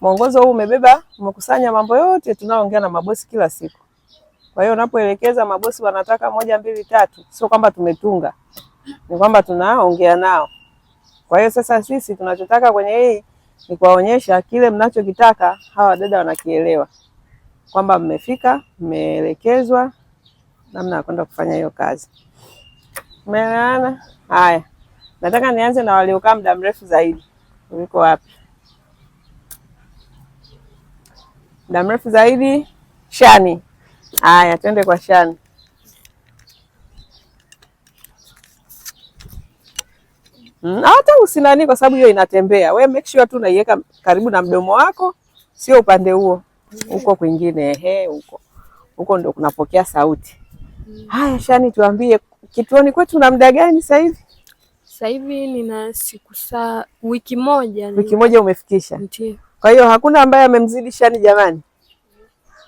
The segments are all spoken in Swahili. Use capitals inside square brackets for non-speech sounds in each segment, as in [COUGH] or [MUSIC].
Mwongozo huu umebeba umekusanya mambo yote tunaoongea na mabosi kila siku. Kwa hiyo unapoelekeza mabosi wanataka moja mbili tatu, sio kwamba tumetunga, ni kwamba tunaongea nao. Kwa hiyo sasa sisi tunachotaka kwenye hii ni kuwaonyesha kile mnachokitaka, hawa dada wanakielewa kwamba mmefika, mmeelekezwa namna ya kwenda kufanya hiyo kazi. Umeelewana? Haya, nataka nianze na waliokaa muda mrefu zaidi Uliko wapi muda mrefu zaidi shani. Haya, twende kwa shani. Mm, hata usinani kwa sababu hiyo inatembea. We make sure tu unaiweka karibu na mdomo wako, sio upande huo, huko kwingine. Ehe, huko huko ndio kunapokea sauti. Haya, Shani, tuambie kituoni kwetu na muda gani sasa hivi? Sasa hivi nina siku saa wiki moja. Wiki moja umefikisha? Ndio. Kwa hiyo hakuna ambaye amemzidi Shani jamani,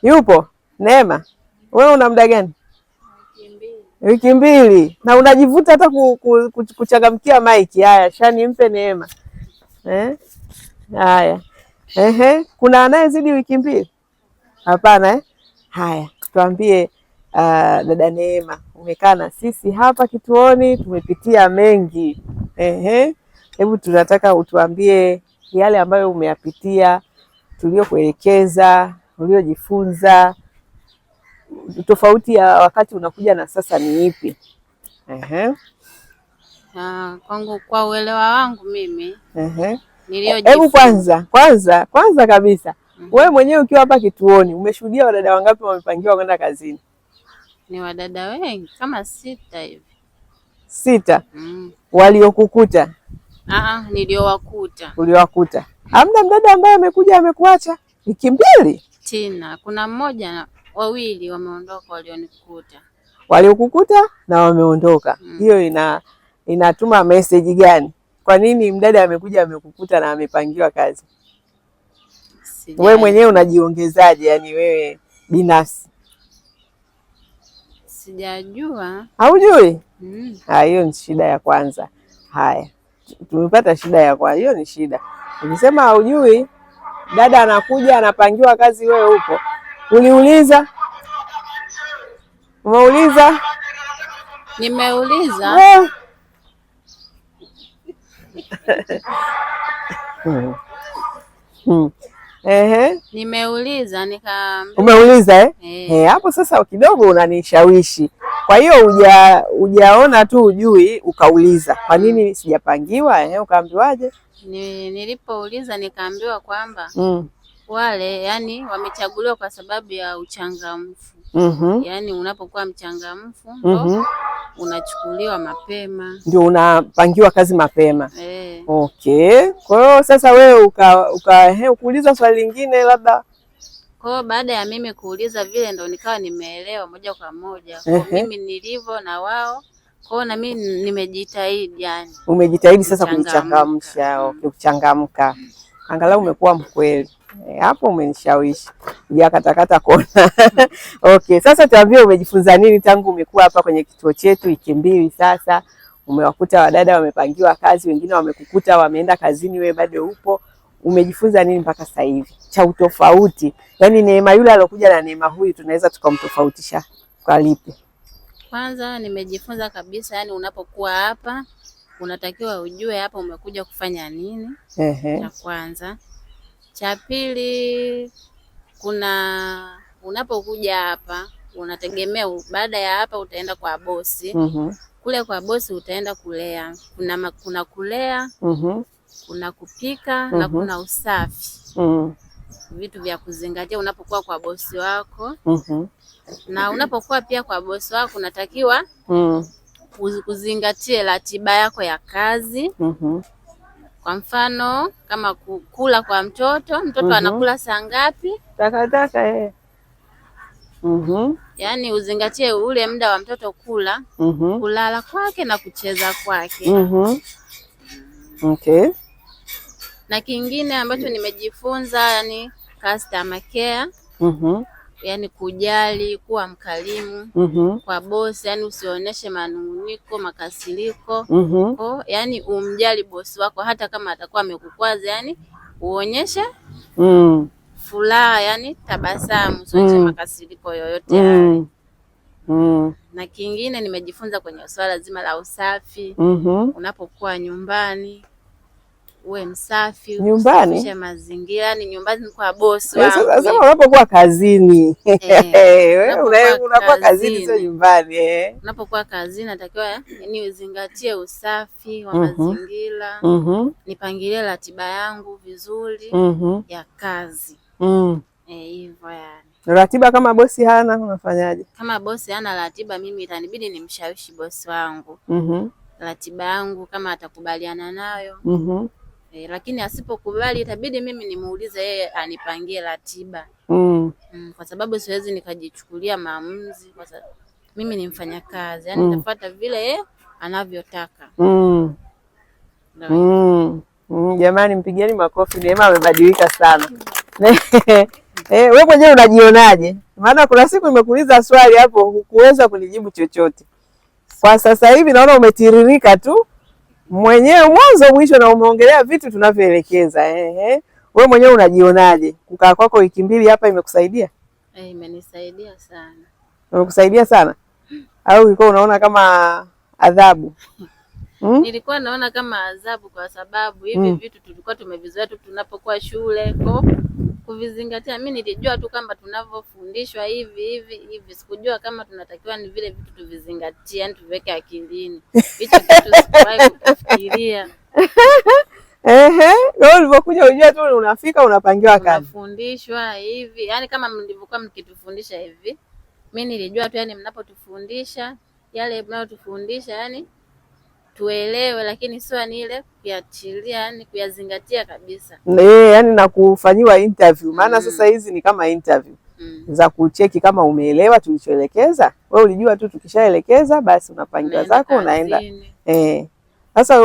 yupo Neema. Wewe una muda gani? Wiki mbili, na unajivuta hata ku, ku, ku, kuchangamkia maiki. Haya, Shani mpe Neema eh? Haya, ehe, kuna anayezidi wiki mbili? Hapana eh? Haya, tuambie uh, dada Neema, umekaa na sisi hapa kituoni, tumepitia mengi ehe. Hebu tunataka utuambie yale ambayo umeyapitia, tuliokuelekeza, uliojifunza. Tofauti ya wakati unakuja na sasa ni ipi? Ehe. Kwangu, kwa uelewa wangu mimi, hebu kwanza kwanza kwanza kabisa mm. wewe mwenyewe ukiwa hapa kituoni umeshuhudia wadada wangapi wamepangiwa kwenda kazini? Ni wadada wengi kama sita hivi. Sita. Mm. Waliokukuta Ah, niliowakuta uliowakuta, hamna mdada ambaye amekuja amekuacha? Ni kimbili Tina, kuna mmoja wawili wameondoka, walionikuta waliokukuta na wameondoka. mm. hiyo ina inatuma meseji gani? Kwa nini mdada amekuja amekukuta na amepangiwa kazi, wewe mwenyewe unajiongezaje? Yani wewe binafsi sijajua, haujui mm. ah, hiyo. ni shida ya kwanza. Haya, tumepata shida ya kwa hiyo ni shida. Ukisema haujui, dada anakuja anapangiwa kazi, wewe huko uliuliza? Umeuliza? Nimeuliza. yeah. [LAUGHS] Hmm. Hmm. Ehe. Nimeuliza nika Umeuliza eh? Eh, hapo sasa kidogo unanishawishi. Kwa hiyo uja ujaona tu ujui ukauliza. Kwa nini sijapangiwa? Eh, ukaambiwaje? Ni, nilipouliza nikaambiwa kwamba mm. wale yani wamechaguliwa kwa sababu ya uchangamfu. Mm -hmm. Yaani unapokuwa mchangamfu mm -hmm. unachukuliwa mapema. Ndio unapangiwa kazi mapema. Eh. Okay, kwa hiyo sasa wewe uka, uka ukuuliza swali lingine labda. Kwa hiyo baada ya mimi kuuliza vile ndo nikawa nimeelewa moja kwa moja kwa mimi nilivyo na wao hiyo na mimi nimejitahidi yani. Umejitahidi sasa kuchangamsha, okay, kuchangamka angalau umekuwa mkweli e, hapo umenishawishi jakata-kata kona [LAUGHS] okay. Sasa tuambie umejifunza nini tangu umekuwa hapa kwenye kituo chetu wiki mbili sasa? umewakuta wadada wamepangiwa kazi, wengine wamekukuta wameenda kazini, wewe bado upo. Umejifunza nini mpaka sasa hivi cha utofauti? Yani neema yule aliyokuja na neema huyu tunaweza tukamtofautisha kwa lipi? Kwanza nimejifunza kabisa, yani unapokuwa hapa unatakiwa ujue hapa umekuja kufanya nini. Ehe. Cha kwanza. Cha pili, kuna unapokuja hapa unategemea baada ya hapa utaenda kwa bosi. mm -hmm. Kule kwa bosi utaenda kulea, kuna, kuna kulea mm -hmm. kuna kupika mm -hmm. na mhm. kuna usafi mm -hmm. vitu vya kuzingatia unapokuwa kwa bosi wako mm -hmm. na unapokuwa pia kwa bosi wako unatakiwa mm -hmm. kuzingatie ratiba yako ya kazi mm -hmm. Kwa mfano kama kula kwa mtoto mtoto mm -hmm. anakula saa ngapi? Takataka eh mm -hmm. Yaani uzingatie ule muda wa mtoto kula mm -hmm. kulala kwake na kucheza kwake mm -hmm. Okay. Na kingine ambacho nimejifunza yani customer care mm -hmm. Yani kujali, kuwa mkarimu mm -hmm. kwa bosi, yani usionyeshe manunguniko, makasiriko mm -hmm. Ko, yani umjali bosi wako hata kama atakuwa amekukwaza, yani uonyeshe mm furaha, yani tabasamu, sio mm. makasiriko yoyote mm. mm. na kingine nimejifunza kwenye swala zima la usafi mm -hmm. unapokuwa nyumbani uwe msafi, nyumbani mazingira ni nyumbani kwa bosi eh, wangu. Sasa unapokuwa kazini eh, [LAUGHS] eh, wewe unakuwa kazini, sio nyumbani. Unapokuwa kazini natakiwa ni uzingatie usafi wa mhm. mazingira, mhm. nipangilie ratiba yangu vizuri mhm. ya kazi mm. E, ratiba kama bosi hana unafanyaje? Kama bosi hana ratiba, mimi itanibidi nimshawishi bosi wangu mm -hmm. ratiba yangu kama atakubaliana nayo mm -hmm. E, lakini asipokubali itabidi mimi nimuulize yeye anipangie ratiba mm. Mm, kwa sababu siwezi nikajichukulia maamuzi kwa sababu mimi ni mfanyakazi yani, mm. nitafuata mm. vile yeye anavyotaka mm. Mm. Mm. Jamani, mpigieni makofi. Neema amebadilika sana. Eh, eh, wewe mwenyewe unajionaje? Maana kuna siku nimekuuliza swali hapo hukuweza kunijibu chochote. Kwa sasa hivi naona umetiririka tu mwenyewe mwanzo mwisho, na umeongelea vitu tunavyoelekeza. Ehe, wewe mwenyewe unajionaje? kukaa kwako wiki mbili hapa imekusaidia? Eh, imenisaidia sana. Imekusaidia sana au ulikuwa unaona kama adhabu? [LAUGHS] Hmm? Nilikuwa naona kama adhabu kwa sababu hivi hmm, vitu tulikuwa tumevizoea tu tunapokuwa shule kwa kuvizingatia. Mi nilijua tu kwamba tunavyofundishwa hivi hivi hivi, sikujua kama tunatakiwa ni vile vitu tuvizingatie, yani tuviweke akilini. Hicho kitu sikuwahi kufikiria. [LAUGHS] Ehe, wewe ulivyokuja tu unafika unapangiwa kazi. Unafundishwa hivi. yani kama mlivyokuwa mkitufundisha hivi. Mimi nilijua tu yani mnapotufundisha yale mnayotufundisha yani tuelewe, lakini sio ni ile kuyachilia, yani kuyazingatia kabisa eh, yani na kufanyiwa interview maana mm. Sasa hizi ni kama interview mm. za kucheki kama umeelewa tulichoelekeza. Wewe ulijua tu tukishaelekeza basi unapangiwa zako unaenda eh. Sasa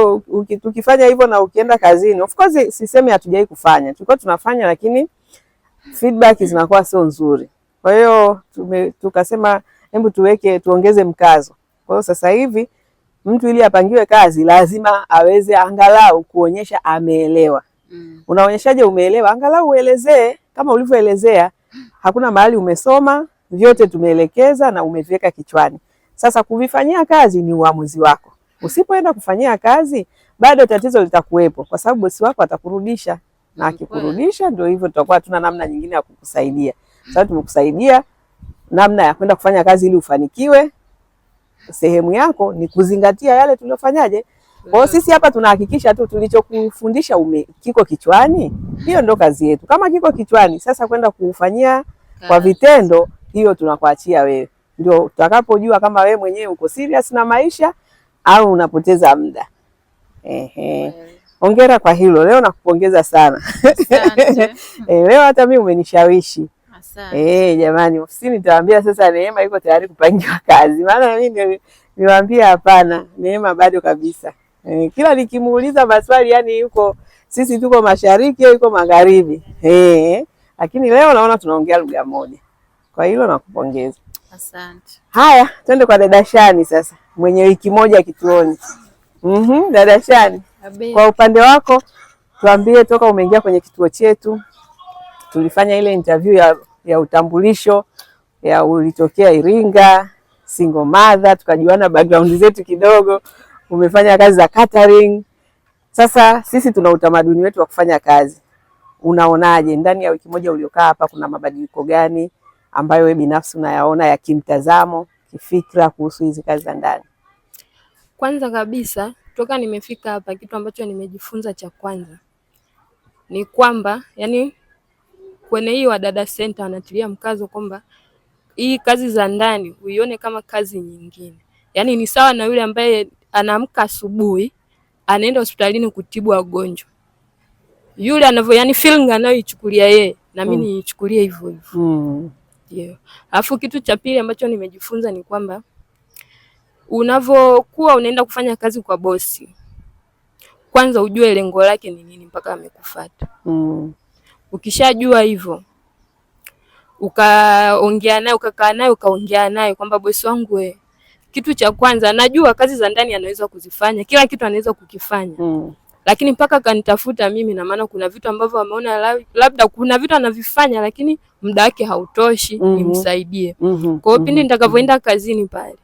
tukifanya hivyo na ukienda kazini, of course sisemi hatujai kufanya, tulikuwa tunafanya lakini feedback zinakuwa sio nzuri. Kwa hiyo tukasema hebu tuweke tuongeze mkazo. Kwa hiyo sasa hivi mtu ili apangiwe kazi lazima aweze angalau kuonyesha ameelewa. Mm. Unaonyeshaje umeelewa? Angalau uelezee kama ulivyoelezea, hakuna mahali umesoma, vyote tumeelekeza na umeviweka kichwani. Sasa kuvifanyia kazi ni uamuzi wako. Usipoenda kufanyia kazi, bado tatizo litakuwepo, kwa sababu bosi wako atakurudisha, na akikurudisha, ndio hivyo, tutakuwa tuna namna nyingine ya kukusaidia. Sasa tumekusaidia namna ya kwenda kufanya kazi ili ufanikiwe sehemu yako ni kuzingatia yale tuliyofanyaje. Kwa hiyo mm. sisi hapa tunahakikisha tu tulichokufundisha kiko kichwani, hiyo ndo kazi yetu. Kama kiko kichwani, sasa kwenda kuufanyia kwa vitendo, hiyo tunakuachia wewe, ndio utakapojua kama wewe mwenyewe uko serious na maisha au unapoteza muda. Ehe. Hongera kwa hilo leo, nakupongeza sana, sana. [LAUGHS] E, eh, leo hata mimi umenishawishi Eh, jamani, ofisini nitawaambia sasa Neema yuko tayari kupangiwa [LAUGHS] kazi, maana mimi niwaambia hapana, Neema bado kabisa. Eh, kila nikimuuliza maswali yani yuko sisi tuko mashariki au yuko magharibi eh, lakini leo naona tunaongea lugha moja, kwa hilo nakupongeza. Asante. Haya, twende kwa dada Shani sasa, mwenye wiki moja kituoni. mm dada Shani, kwa upande wako tuambie, toka umeingia kwenye kituo chetu tulifanya ile interview ya ya utambulisho ya ulitokea Iringa, single mother, tukajuana background zetu kidogo, umefanya kazi za catering. Sasa sisi tuna utamaduni wetu wa kufanya kazi. Unaonaje ndani ya wiki moja uliokaa hapa, kuna mabadiliko gani ambayo wewe binafsi unayaona ya kimtazamo, kifikra kuhusu hizi kazi za ndani? Kwanza kabisa toka nimefika hapa, kitu ambacho nimejifunza cha kwanza ni kwamba yani kwenye hii Wadada Center wanatilia mkazo kwamba hii kazi za ndani uione kama kazi nyingine, yaani ni sawa na yule ambaye anaamka asubuhi anaenda hospitalini kutibu wagonjwa yule anavyo, yani feeling anayoichukulia yeye na mimi mm. niichukulie mm. hivyo hivyo mm. yeah. Alafu kitu cha pili ambacho nimejifunza ni kwamba unavyokuwa unaenda kufanya kazi kwa bosi, kwanza ujue lengo lake ni nini mpaka amekufuata mm. Ukishajua hivyo ukaongea naye ukakaa naye ukaongea naye kwamba bosi wangu we, kitu cha kwanza najua kazi za ndani anaweza kuzifanya, kila kitu anaweza kukifanya mm. Lakini mpaka kanitafuta mimi, na maana kuna vitu ambavyo ameona labda kuna vitu anavifanya lakini muda wake hautoshi mm -hmm. Nimsaidie mm -hmm. Kwa hiyo pindi mhm. nitakavyoenda mhm. kazini pale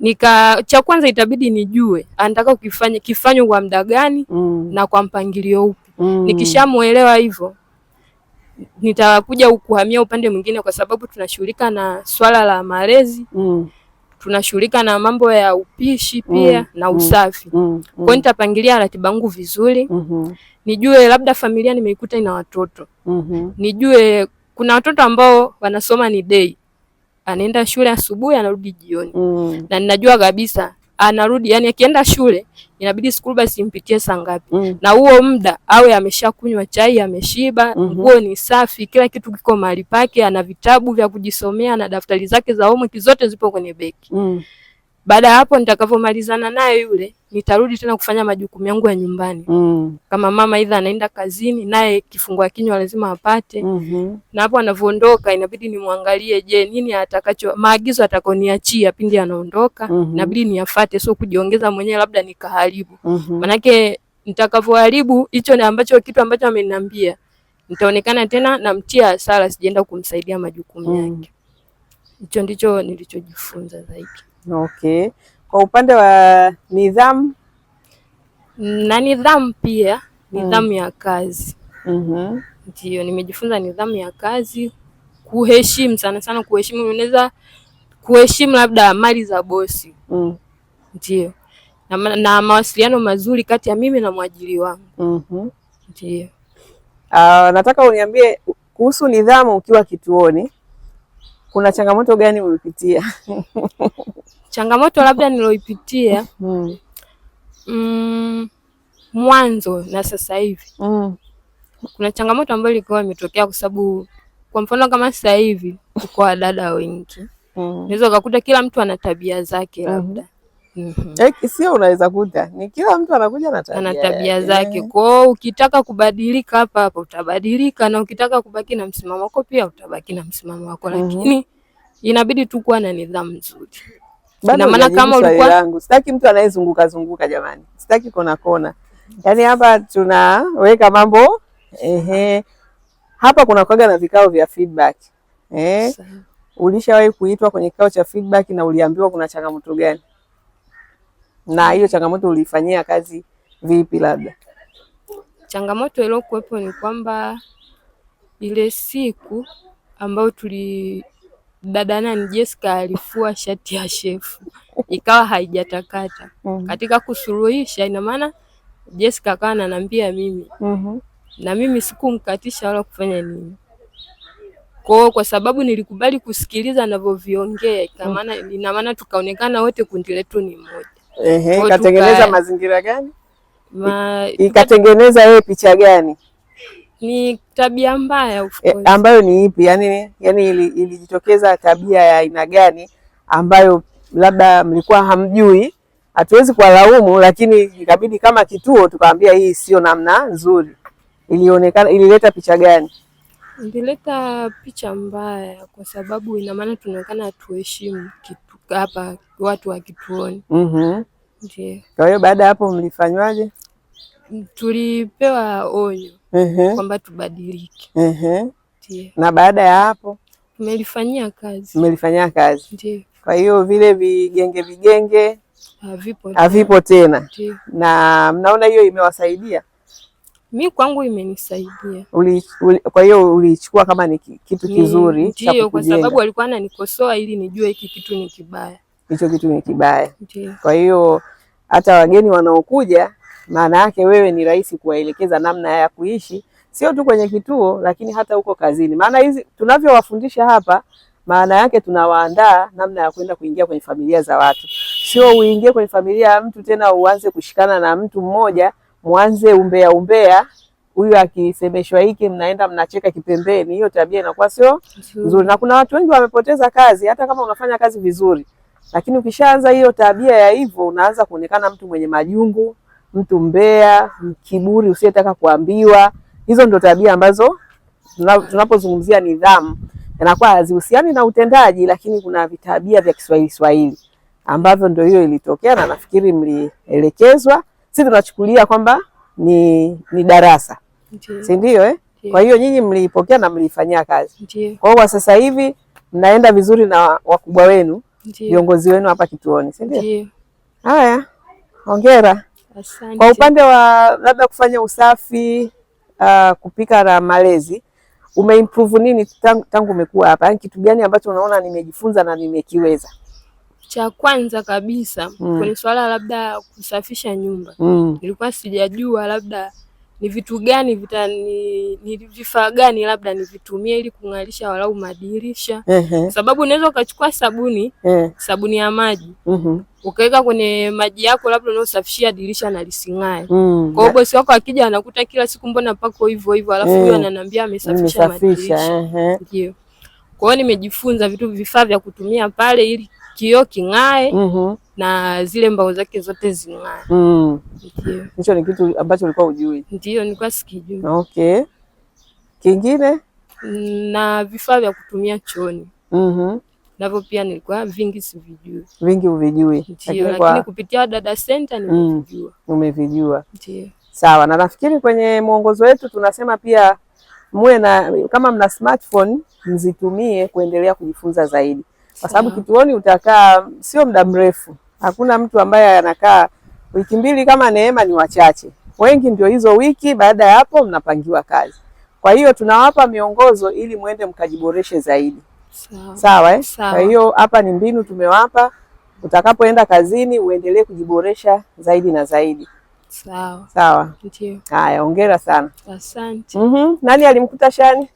nika cha kwanza itabidi nijue anataka kukifanya kifanywe kwa muda gani mm. na kwa mpangilio upi mm. Nikishamuelewa hivyo nitakuja ukuhamia upande mwingine, kwa sababu tunashughulika na swala la malezi mm. tunashughulika na mambo ya upishi mm. pia mm. na usafi mm. Mm. kwa hiyo nitapangilia ratiba yangu vizuri mm -hmm. nijue labda familia nimeikuta ina watoto mm -hmm. nijue kuna watoto ambao wanasoma ni day anaenda shule asubuhi anarudi jioni mm. na ninajua kabisa anarudi, yani akienda shule inabidi school bus impitie saa ngapi? mm. na huo muda awe ameshakunywa chai, ameshiba, mhm. nguo mm -hmm. ni safi, kila kitu kiko mahali pake, ana vitabu vya kujisomea na daftari zake za homework zote zipo kwenye beki mm. Baada ya hapo nitakavyomalizana naye yule, nitarudi tena kufanya majukumu yangu ya nyumbani mm. Kama mama idha anaenda kazini, naye kifungua kinywa lazima apate mm -hmm. Na hapo anavyoondoka, inabidi nimwangalie, je, nini atakacho maagizo atakoniachia pindi anaondoka mm -hmm. Inabidi niyafate, sio kujiongeza mwenyewe labda nikaharibu mm -hmm. Manake nitakavyoharibu hicho ni ambacho kitu ambacho ameniambia, nitaonekana tena namtia hasara, sijaenda kumsaidia majukumu mm. yake Hicho ndicho nilichojifunza zaidi. Okay. Kwa upande wa nidhamu na nidhamu pia mm. nidhamu mm. ya kazi mm -hmm. Ndio nimejifunza nidhamu ya kazi, kuheshimu sana sana, kuheshimu unaweza kuheshimu labda mali za bosi mm. Ndio na, na mawasiliano mazuri kati ya mimi na mwajiri wangu mm -hmm. Ndio uh, ah, nataka uniambie kuhusu nidhamu ukiwa kituoni kuna changamoto gani ulipitia? [LAUGHS] changamoto labda niloipitia mm. Mm, mwanzo na sasa hivi mm. kuna changamoto ambayo ilikuwa imetokea kwa sababu, kwa mfano kama sasa hivi uko wadada wengi mm. naweza ukakuta kila mtu ana tabia zake hmm. labda mm -hmm mm -hmm. Sio, unaweza kuta ni kila mtu anakuja na tabia, ana tabia zake mm eh. Kwao ukitaka kubadilika hapa hapa utabadilika, na ukitaka kubaki na msimamo wako pia utabaki na msimamo wako mm -hmm. Lakini inabidi tu kuwa na nidhamu nzuri. Ina maana kama ulikuwa langu, sitaki mtu anayezunguka zunguka, jamani, sitaki kona kona. Yaani hapa tunaweka mambo ehe, hapa kuna kwaga na vikao vya feedback eh. Ulishawahi kuitwa kwenye kikao cha feedback na uliambiwa kuna changamoto gani? na hiyo changamoto ulifanyia kazi vipi? Labda changamoto iliyokuwepo ni kwamba ile siku ambayo tuli dada nani Jessica alifua shati ya shefu ikawa haijatakata. mm -hmm. Katika kusuluhisha, ina maana Jessica akawa ananiambia mimi mm -hmm. na mimi sikumkatisha wala kufanya nini kwao, kwa sababu nilikubali kusikiliza anavyoviongea, mhm. ina maana mm -hmm. tukaonekana wote kundi letu ni moja. Ehe, ikatengeneza mazingira gani? Ma... ikatengeneza wewe picha gani? Ni tabia mbaya of e, course. E, ambayo ni ipi? Yani, yani ilijitokeza tabia ya aina gani ambayo labda mlikuwa hamjui? Hatuwezi kuwalaumu, lakini ikabidi kama kituo tukawambia hii sio namna nzuri. Ilionekana ilileta picha gani? Ilileta picha mbaya, kwa sababu ina maana tunaonekana hatuheshimu kitu hapa watu wa kituoni. mm-hmm. Ndio. Kwa hiyo baada ya hapo mlifanywaje? Mm, tulipewa onyo mm-hmm. kwamba tubadilike. Mm-hmm. Na baada ya hapo tumelifanyia kazi, tumelifanyia kazi. Ndio. Kwa hiyo vile vigenge vigenge havipo tena, na mnaona hiyo imewasaidia mi kwangu imenisaidia. Kwa hiyo uliichukua kama ni kitu mm, kizuri cha kujenga, kwa sababu alikuwa ananikosoa ili nijue hiki kitu ni kibaya, hicho kitu ni kibaya. Kwa hiyo hata wageni wanaokuja, maana yake wewe ni rahisi kuwaelekeza namna ya kuishi, sio tu kwenye kituo, lakini hata huko kazini, maana hizi tunavyowafundisha hapa maana yake tunawaandaa namna ya kwenda kuingia kwenye familia za watu, sio uingie kwenye familia ya mtu tena uanze kushikana na mtu mmoja mwanze umbea umbea, huyu akisemeshwa hiki mnaenda mnacheka kipembeni, hiyo tabia inakuwa sio nzuri, na kuna watu wengi wamepoteza kazi, hata kama unafanya kazi vizuri, lakini ukishaanza hiyo tabia ya hivyo, unaanza kuonekana mtu mwenye majungu, mtu mbea, kiburi usiyetaka kuambiwa. Hizo ndio tabia ambazo tunapozungumzia nidhamu inakuwa hazihusiani na utendaji, lakini kuna vitabia vya Kiswahili Swahili ambavyo ndio hiyo ilitokea, na nafikiri mlielekezwa si tunachukulia kwamba ni, ni darasa si ndio eh? Kwa hiyo nyinyi mliipokea na mliifanyia kazi. Kwa hiyo sasa hivi mnaenda vizuri na wakubwa wenu viongozi wenu hapa kituoni si ndio? Haya, hongera. Asante. Kwa upande wa labda kufanya usafi uh, kupika na malezi umeimprove nini tangu, tangu umekuwa hapa? Yaani kitu gani ambacho unaona nimejifunza na nimekiweza? cha kwanza kabisa mm. kwenye swala labda kusafisha nyumba mm. nilikuwa sijajua labda ni vitu gani vita ni, ni vifaa gani labda nivitumie ili kung'alisha walau madirisha uh-huh. Sababu unaweza ukachukua sabuni uh-huh. sabuni ya maji uh-huh. ukaweka kwenye maji yako labda unaosafishia dirisha na lising'ae. mm. Kwa hiyo bosi wako akija anakuta kila siku mbona pako hivyo hivyo, alafu eh. huyo uh-huh. ananiambia amesafisha madirisha uh-huh. Ndio. Kwa hiyo nimejifunza vitu vifaa vya kutumia pale ili kioo king'ae mm -hmm. na zile mbao zake zote zing'ae mm. Hicho ni kitu ambacho ulikuwa ujui Ndio, nilikuwa sikijui. Okay, kingine na vifaa vya kutumia chooni mm -hmm. navyo pia nilikuwa vingi sivijui, vingi huvijui, lakini kwa... kupitia Dada Center mm. nimevijua. Mm. Umevijua. Ndio. Sawa, na nafikiri kwenye mwongozo wetu tunasema pia muwe na, kama mna smartphone mzitumie kuendelea kujifunza zaidi kwa sababu kituoni utakaa sio muda mrefu. Hakuna mtu ambaye anakaa wiki mbili, kama neema ni wachache. Wengi ndio hizo wiki, baada ya hapo mnapangiwa kazi. Kwa hiyo tunawapa miongozo ili mwende mkajiboreshe zaidi. Sawa, sawa, eh? Sawa. Kwa hiyo hapa ni mbinu tumewapa, utakapoenda kazini uendelee kujiboresha zaidi na zaidi. Sawa, sawa. Haya, hongera sana. Asante. mm -hmm. Nani alimkuta Shani?